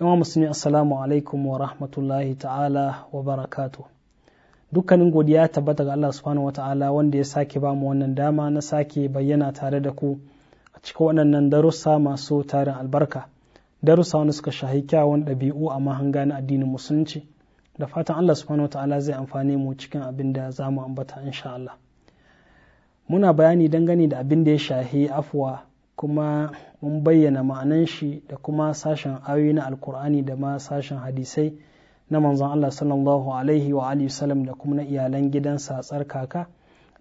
yawan musulmi assalamu alaikum wa rahmatullahi ta'ala wa barakatu dukkanin godiya tabbata ga Allah subhanahu wa ta'ala wanda ya sake bamu wannan dama na sake bayyana tare da ku a cikin waɗannan darussa masu tarin albarka darussa wanda suka shahi kyawun ɗabi'u a mahanga na addinin musulunci da fatan Allah subhanahu wa ta'ala zai amfani mu cikin abin da za mu ambata insha Allah muna bayani dangane da abin da ya shahi afwa kuma mun bayyana ma'anan shi da kuma sashen ayoyi na alkur'ani da ma sashen hadisai na manzon Allah sallallahu alaihi wa alihi wasallam da kuma na iyalan gidansa tsarkaka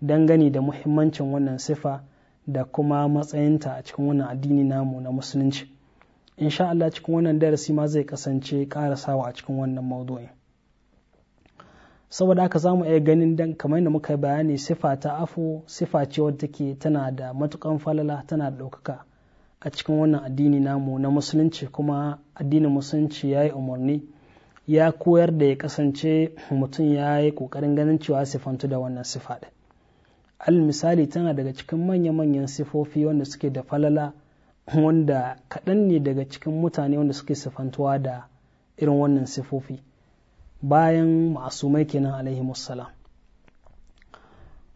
dangane da muhimmancin wannan sifa da kuma matsayinta a cikin wannan addini namu na musulunci insha Allah cikin wannan darasi ma zai kasance karasawa a cikin wannan maudu'in saboda aka za mu iya ganin dan kamar yadda muka yi bayani sifa ta afu sifa ce wadda take tana da matukan falala tana da ɗaukaka a cikin wannan addini namu na musulunci kuma addinin musulunci ya yi umarni ya koyar da ya kasance mutum ya yi ƙoƙarin ganin cewa sifantu da wannan sifa ɗin al misali tana daga cikin manya-manyan sifofi wanda suke da falala wanda kaɗan ne daga cikin mutane wanda suke sifantuwa da irin wannan sifofi bayan ma'asumai kenan alaihi wassalam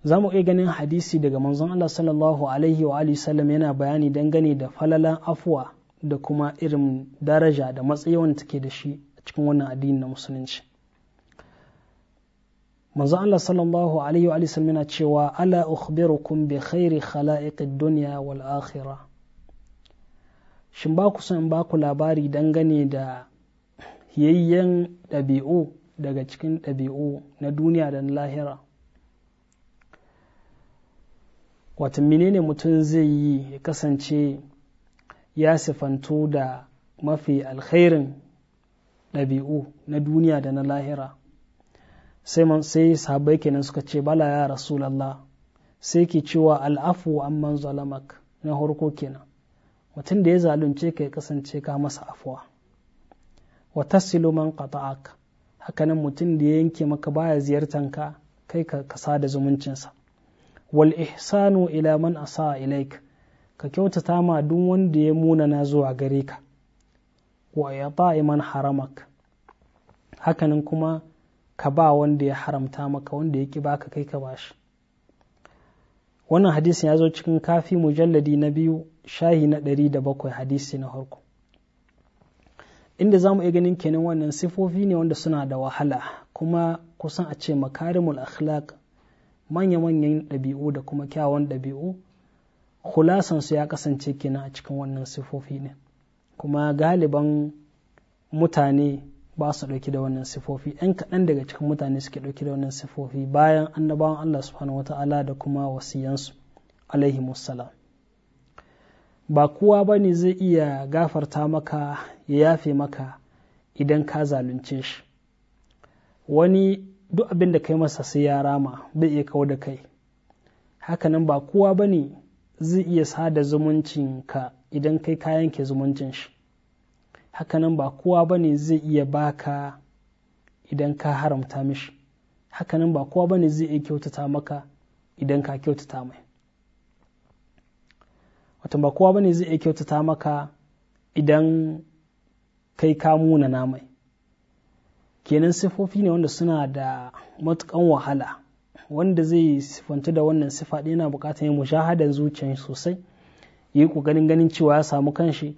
za mu iya ganin hadisi daga manzon Allah sallallahu alaihi wa alihi sallam yana bayani dangane da falalan afuwa da kuma irin daraja da matsayi wanda take da shi a cikin wannan addini na musulunci manzon Allah sallallahu alaihi wa alihi sallam yana cewa ala ukhbirukum bi khairi khala'iqid dunya wal akhirah shin ba ku san ba ku labari dangane da fiyayyen ɗabi'u daga cikin ɗabi'u na duniya da na lahira wata menene mutum zai yi ya kasance ya sifantu da mafi alkhairin ɗabi'u na duniya da na lahira sai sahabbai kenan suka ce bala ya rasulallah sai ke cewa al'afu amman zalamak na harko kenan mutum da ya zalunce ka ya kasance ka masa afuwa wa tasilu man qata'aka hakanan mutum da ya yanke maka baya ziyartan ka kai ka kasa da zumuncinsa wal ihsanu ila man asa ilaik ka kyautata ma duk wanda ya muna na zuwa gare ka wa ya man haramak hakanan kuma ka ba wanda ya haramta maka wanda ya ki baka kai ka bashi wannan hadisin ya zo cikin kafi mujalladi na biyu shahi na ɗari da bakwai hadisi na farko inda za mu iya ganin kenan wannan sifofi ne wanda suna da wahala kuma kusan a ce makarimul akhlaq manya-manyan ɗabi'u da kuma kyawun ɗabi'u hulasansu ya kasance kenan a cikin wannan sifofi ne kuma galiban mutane ba su ɗauki da wannan sifofi ‘yan kaɗan daga cikin mutane suke ɗauki da wannan sifofi bayan annabawan Allah subhanahu wata'ala da kuma wasiyansu alaihi musallam ba kowa ba ne zai iya gafarta maka ya yafe maka idan ka zalunce shi wani duk abin da kai masa sai ya rama bai iya kawo da kai hakanan ba kowa ba ne zai iya sada zumuncinka idan kai kayan ke zumuncin shi hakanan ba kowa ba ne zai iya baka idan ka haramta mishi hakanan ba kowa ba ne zai iya kyautata maka idan ka kyautata mai wata ba kowa bane zai iya kyautata maka idan kai ka na mai kenan sifofi ne wanda suna da matukan wahala wanda zai sifantu da wannan sifa ɗin yana buƙatar yin mushahadar zuciyar sosai yi ƙoƙarin ganin cewa ya samu kanshi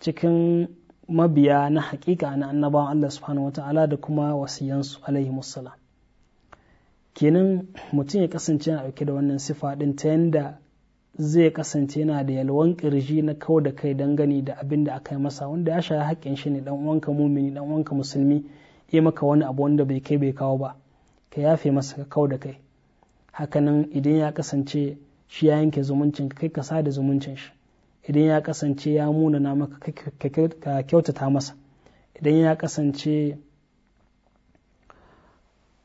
cikin mabiya na haƙiƙa na annabawan Allah subhanahu wata'ala da kuma wasiyansu alaihi musala kenan mutum ya kasance yana ɗauke da wannan sifa ɗin ta yadda zai kasance yana da yalwan kirji na kau da kai gani da abin da aka yi masa wanda ya shaya haƙƙin shi ne dan uwanka mumini dan uwanka musulmi ya maka wani abu wanda bai kai bai kawo ba ka yafe masa ka kau da kai hakanan idan ya kasance shi ya yanke zumuncin kai ka sada zumuncin shi idan ya kasance ya munana maka ka kyautata masa idan ya kasance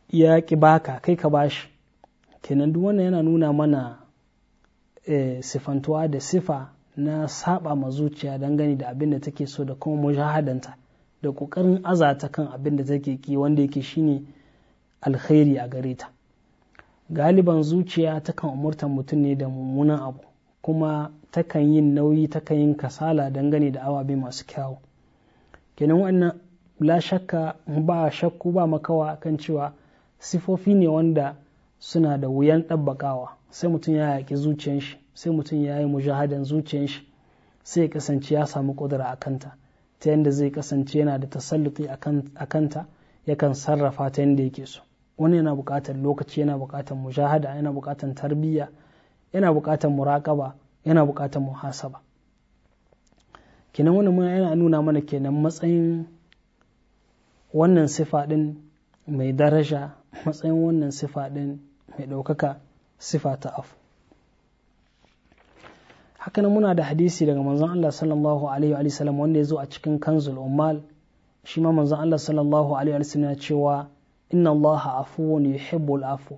ya ki baka kai ka bashi kenan duk wannan yana nuna mana Eh, sifantuwa da sifa na saba ma zuciya dangane da abin da take so da kuma mujahadanta da ƙoƙarin azata kan abin da take ki wanda yake shine alkhairi a gare ta galiban zuciya takan umurta mutum ne da mummunan abu kuma takan yin nauyi takan yin kasala dangane da awabe masu kyawu kenan wannan la shakka ba shakku ba makawa kan cewa sifofi ne wanda suna da wuyan ɗabbakawa sai mutum ya yaƙi zuciyar shi sai mutum ya yi mujahadan zuciyar shi sai ya kasance ya samu ƙudura a kanta ta yadda zai kasance yana da tasalluti a kanta yakan sarrafa ta yadda yake so wani yana buƙatar lokaci yana buƙatar mujahada yana buƙatar tarbiyya yana buƙatar muraƙaba yana buƙatar muhasaba kenan wani mun yana nuna mana kenan matsayin wannan sifa din mai daraja matsayin wannan sifa din mai ɗaukaka sifa ta afu haka muna da hadisi daga manzon Allah sallallahu alaihi wa sallam wanda ya zo a cikin kanzul ummal shi ma manzon Allah sallallahu alaihi wa sallam ya cewa inna Allah afuwun yuhibbul afu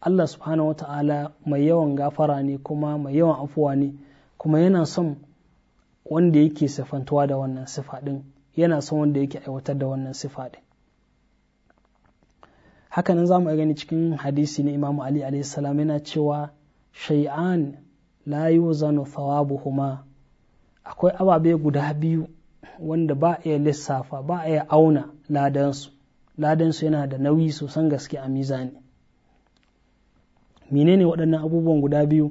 Allah subhanahu wata'ala mai yawan gafara ne kuma mai yawan afuwa ne kuma yana son wanda yake sifantuwa da wannan sifa din yana son wanda yake aiwatar da wannan sifa din hakanan za mu gani cikin hadisi na imamu ali salam yana cewa shay'an la yuzanu thawabuhuma akwai ababe guda biyu wanda ba iya lissafa ba iya auna ladansu ladansu yana da nauyi sosan gaske a mizani menene waɗannan abubuwan guda biyu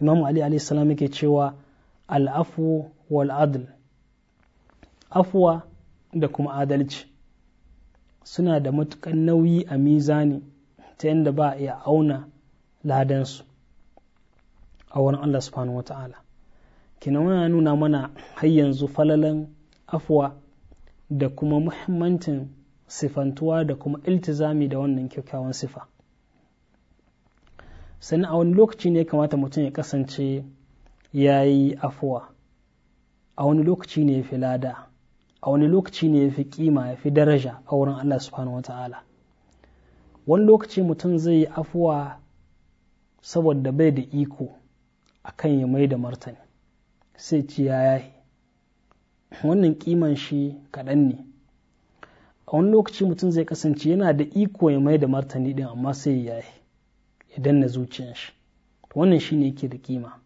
imamu ali salam yake cewa al'afu wal adl afuwa da kuma adalci suna da matukan nauyi a mizani ta yadda ba a iya auna ladansu a wurin Allah subhanahu wa ta'ala kinan yana nuna mana har yanzu falalan afuwa da kuma muhimmancin sifantuwa da kuma iltizami da wannan kyakkyawan sifa sannan a wani lokaci ne ya kamata mutum ya kasance ya yi afuwa a wani lokaci ne ya fi lada a wani lokaci ne ya fi kima ya fi daraja a wurin Allah subhanahu wata'ala wani lokaci mutum zai yi afuwa saboda bai da iko kan ya mai da martani sai ci ya wannan kiman shi kaɗan ne a wani lokaci mutum zai kasance yana da iko ya mai da martani ɗin amma sai ya yi, ya danna zuciyar shi wannan shine yake da kima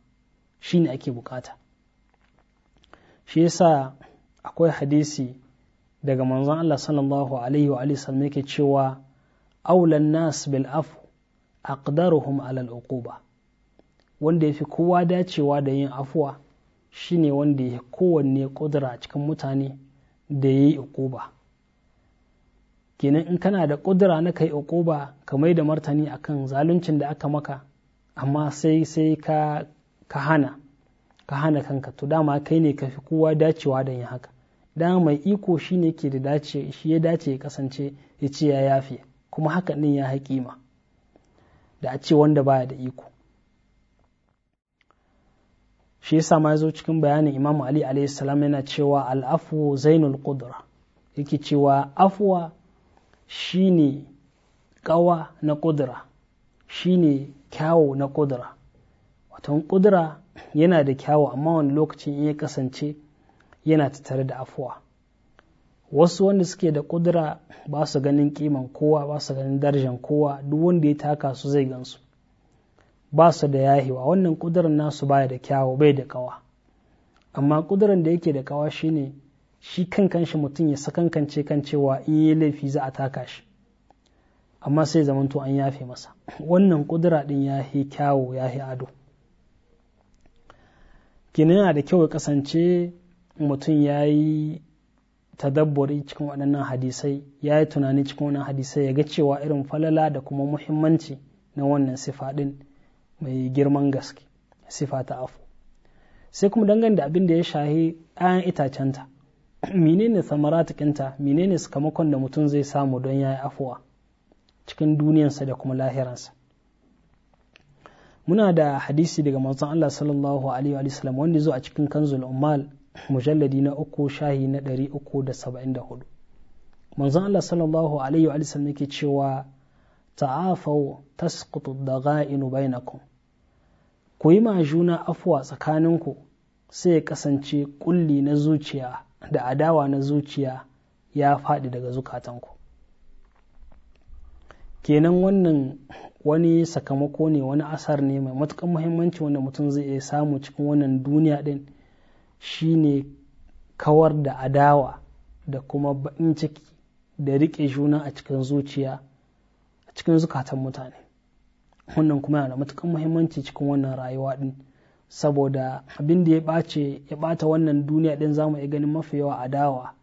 shine ake bukata shi yasa akwai hadisi daga manzon Allah sallallahu alaihi wa alihi sallam yake cewa aulan nas bil afu aqdaruhum ala al uquba wanda yafi kowa dacewa da yin afuwa shine wanda ya kowanne kudura cikin mutane da yayi uquba kenan in kana da kudura na kai uquba ka mai da martani akan zaluncin da aka maka amma sai sai ka ka hana ka hana kanka to dama kai ne ka fi kowa dacewa da yin haka dama mai iko shi ne ke da dace shi ya dace ya kasance ya ce ya yafe kuma haka ɗin ya haƙima da a ce wanda baya da iko shi yasa ma zo cikin bayanin imamu ali alayhi salam yana cewa al'afu zainul kudura yake cewa afwa shine kawa na kudura shine kyawu na kudura watan kudura yana da kyawu amma wani lokacin ya kasance yana tattare da afuwa wasu wanda suke da kudura ba su ganin kiman kowa ba su ganin darajar kowa duk wanda ya taka su zai gansu ba su da yahiwa wannan kudurar nasu baya da kyawu bai da kawa amma kudurar da yake da kawa shine shi kankanshi shi mutum ya sakankance kan cewa in yi laifi za a taka shi amma sai zamanto an yafe masa wannan kudura din ya yi kyawu ya yi ado gina yana da kyau ya kasance mutum ya yi tadabburi cikin waɗannan hadisai ya yi tunani cikin wannan hadisai ya ga cewa irin falala da kuma muhimmanci na wannan sifa ɗin mai girman gaske sifa ta afu sai kuma dangane da abin da ya shahi ɗayan itacenta menene samaratikinta menene sakamakon da mutum zai samu don ya yi afuwa cikin duniyansa da kuma lahiransa muna da hadisi daga manzon Allah sallallahu alaihi wa sallam wanda zo a cikin kanzul ummal mujalladi na uku shahi na ɗari uku da saba'in da hudu manzan Allah sallallahu alaihi wa sallam yake cewa ta'afau tasqutu dagha'inu bainakum ku yi ma juna afuwa tsakaninku sai ya kasance kulli na zuciya da adawa na zuciya ya faɗi daga zukatanku kenan wannan wani sakamako ne wani asar ne mai matukan muhimmanci wanda mutum zai samu cikin wannan duniya ɗin Shi ne kawar da adawa da kuma baƙin ciki da riƙe juna a cikin zuciya a cikin zukatan mutane wannan kuma yana da matukan muhimmanci cikin wannan rayuwa din saboda abin da ya ɓace ya ɓata wannan duniya din za mu iya ganin mafi yawa adawa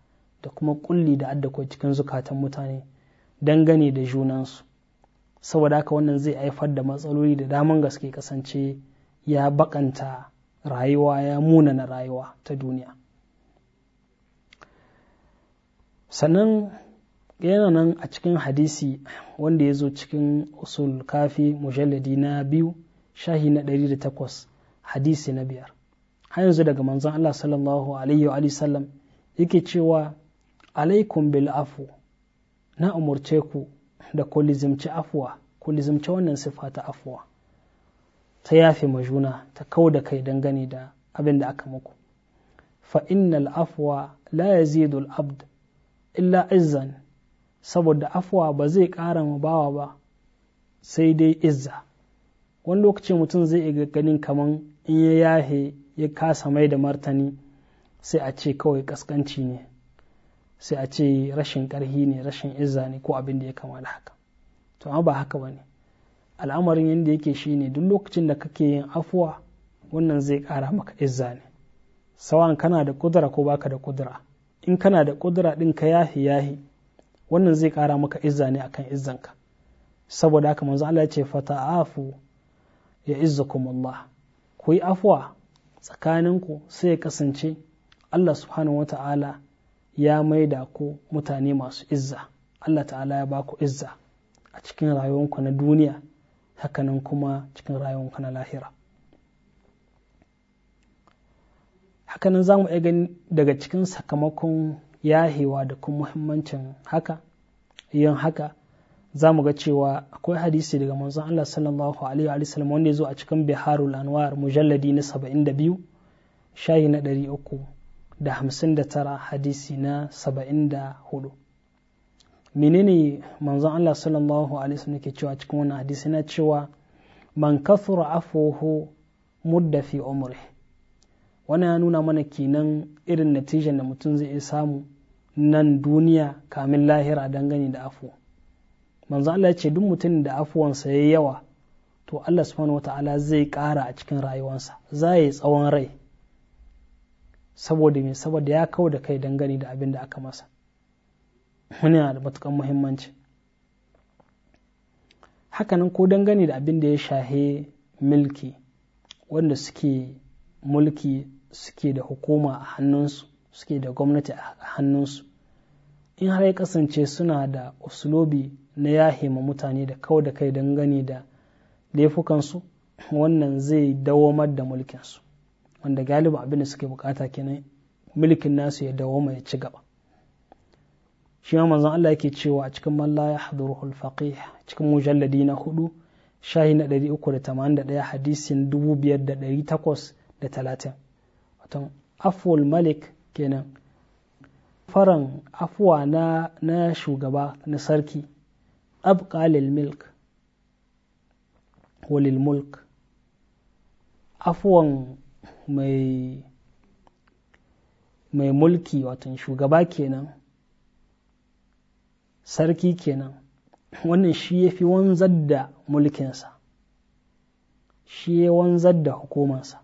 da kuma ƙulli da addakwai cikin zukatan mutane dangane da junansu saboda haka wannan zai haifar da matsaloli da daman gaske kasance ya baƙanta. rayuwa ya munana rayuwa ta duniya sannan yana nan a cikin hadisi wanda ya zo cikin usul kafi mujalladi na biyu shahi na ɗari da 108 hadisi na biyar har yanzu daga manzon Allah sallallahu alaihi wa sallam yake cewa alaikum bil afu na umurce ku da ku lizimci afuwa ku lizimci wannan sifa ta afuwa ta yafe ma juna ta kau da kai dangane da abin da aka muku fa innal afwa la yazidu al abd illa izzan saboda afwa ba zai kara ma bawa ba sai dai izza wani lokaci mutum zai iya ganin kaman in ya yahe ya kasa mai da martani sai a ce kawai kaskanci ne sai a ce rashin karhi ne rashin izza ne ko abin da ya kama da haka to amma ba haka ba ne al'amarin yadda yake shine duk lokacin da kake yin afuwa wannan zai ƙara maka izza ne sawan kana da kudura ko baka da kudura in kana da kudura din ka yahi yahi wannan zai kara maka izza ne akan izzanka saboda haka manzo Allah ya ce fata'afu ya izzukum Allah ku yi afuwa tsakaninku sai ya kasance Allah subhanahu wata'ala ya maida ku mutane masu izza Allah ta'ala ya baku izza a cikin rayuwanku na duniya hakanan kuma cikin rayuwanka na lahira hakanan za mu iya gani daga cikin sakamakon yahewa da kuma muhimmancin haka yin haka za mu ga cewa akwai hadisi daga manzon Allah sallallahu alaihi wa sallam wanda ya zo a cikin Biharul Anwar mujalladi na 72 shayi na 359 hadisi na 74 menene manzon Allah sallallahu alaihi wasallam yake cewa cikin wannan hadisi na cewa man kathura afuhu mudda fi umri wannan ya nuna mana kenan irin natijan da mutum zai samu nan duniya kamin lahira dangane da afu manzo Allah ya ce duk mutumin da afuwansa yayi yawa to Allah subhanahu wataala zai ƙara a cikin rayuwarsa za yi tsawon rai saboda me saboda ya kau da kai dangane da abin da aka masa wani yana da matukan muhimmanci hakanan ko dangane da abin da ya shahe milki wanda suke mulki suke da hukuma a hannunsu suke da gwamnati a hannunsu in har ya kasance suna da usulobi na ma mutane da kau da kai dangane da laifukansu wannan zai dawomar da mulkinsu wanda galiba abin da suke bukata kenan mulkin nasu ya dawoma ya ci gaba shi ma manzon Allah yake cewa a cikin man la yahduruhul faqih cikin mujalladi na hudu shahi na 381 hadisin 5830 watan afwal malik kenan faran afuwa na na shugaba na sarki abqa lil milk walil mulk afuwan mai mai mulki watan shugaba kenan sarki kenan wannan shi ya fi wanzar da mulkinsa shi ya wanzar da hukumansa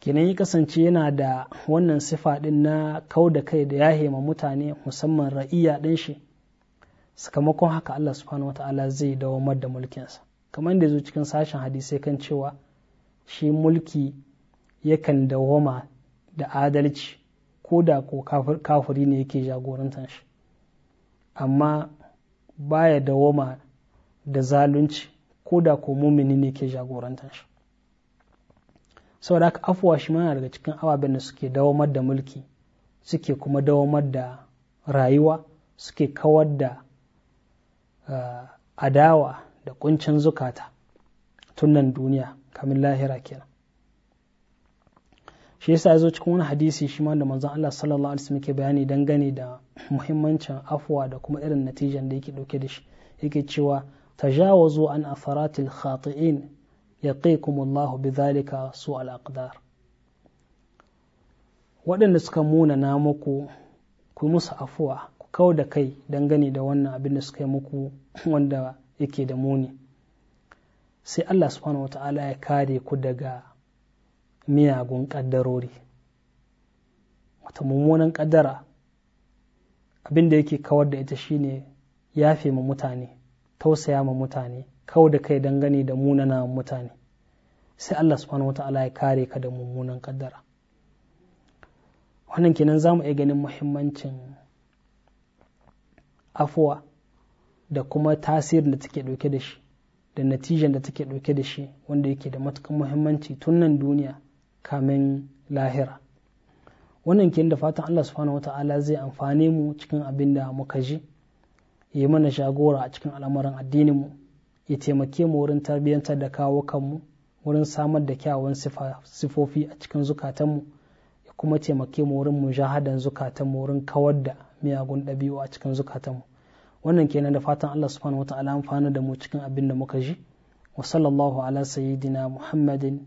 kenan ya kasance yana da wannan sifa ɗin na kau da kai da ya hema mutane musamman ra'iya ɗin shi sakamakon haka Allah subhanahu wata'ala zai dawamar da mulkinsa kamar da zo cikin sashen hadisai kan cewa shi mulki yakan dawama da adalci ko da ko kafuri ne yake jagorantar shi amma baya dawoma da zalunci ko da ko mumini ne ke jagorantar shi saboda haka afuwa shi mana daga cikin ababen da suke dawamar da mulki suke kuma dawamar da rayuwa suke kawar da eh, adawa da kuncin zukata tunan duniya kamin lahira kenan shi yasa ya zo cikin wani hadisi shi ma da manzon Allah sallallahu alaihi wasallam ke bayani dangane da muhimmancin afwa da kuma irin natijan da yake dauke da shi yake cewa tajawazu an afaratil khati'in yaqikumullahu bidhalika al aqdar waɗanda suka muna na muku ku musu afuwa ku da kai dangane da wannan abin da suka yi muku wanda yake da muni sai Allah subhanahu ta'ala ya kare ku daga miyagun ƙaddarori wata mummunan ƙaddara abinda yake kawar da ita shine yafe ma mutane tausaya ma mutane kawai da kai dangane da munana mutane sai Allah subhanahu wata'ala ya kare ka da mummunan ƙaddara wannan kenan zamu mu iya ganin muhimmancin afuwa da kuma tasirin da take ɗauke da shi da natijan da take ɗauke da shi wanda yake da matuƙar muhimmanci tun nan duniya kamin lahira wannan kin da fatan Allah subhanahu wata'ala zai amfane mu cikin abin da muka ji yi mana shagora a cikin al'amuran addininmu ya taimake mu wurin tarbiyyantar da kawo kanmu wurin samar da kyawun sifofi a cikin zukatanmu ya kuma taimake mu wurin mujahadan zukatanmu wurin kawar da miyagun ɗabi'u a cikin zukatanmu wannan kenan da fatan Allah subhanahu wata'ala amfana da mu cikin abin da muka ji wa sallallahu ala sayyidina muhammadin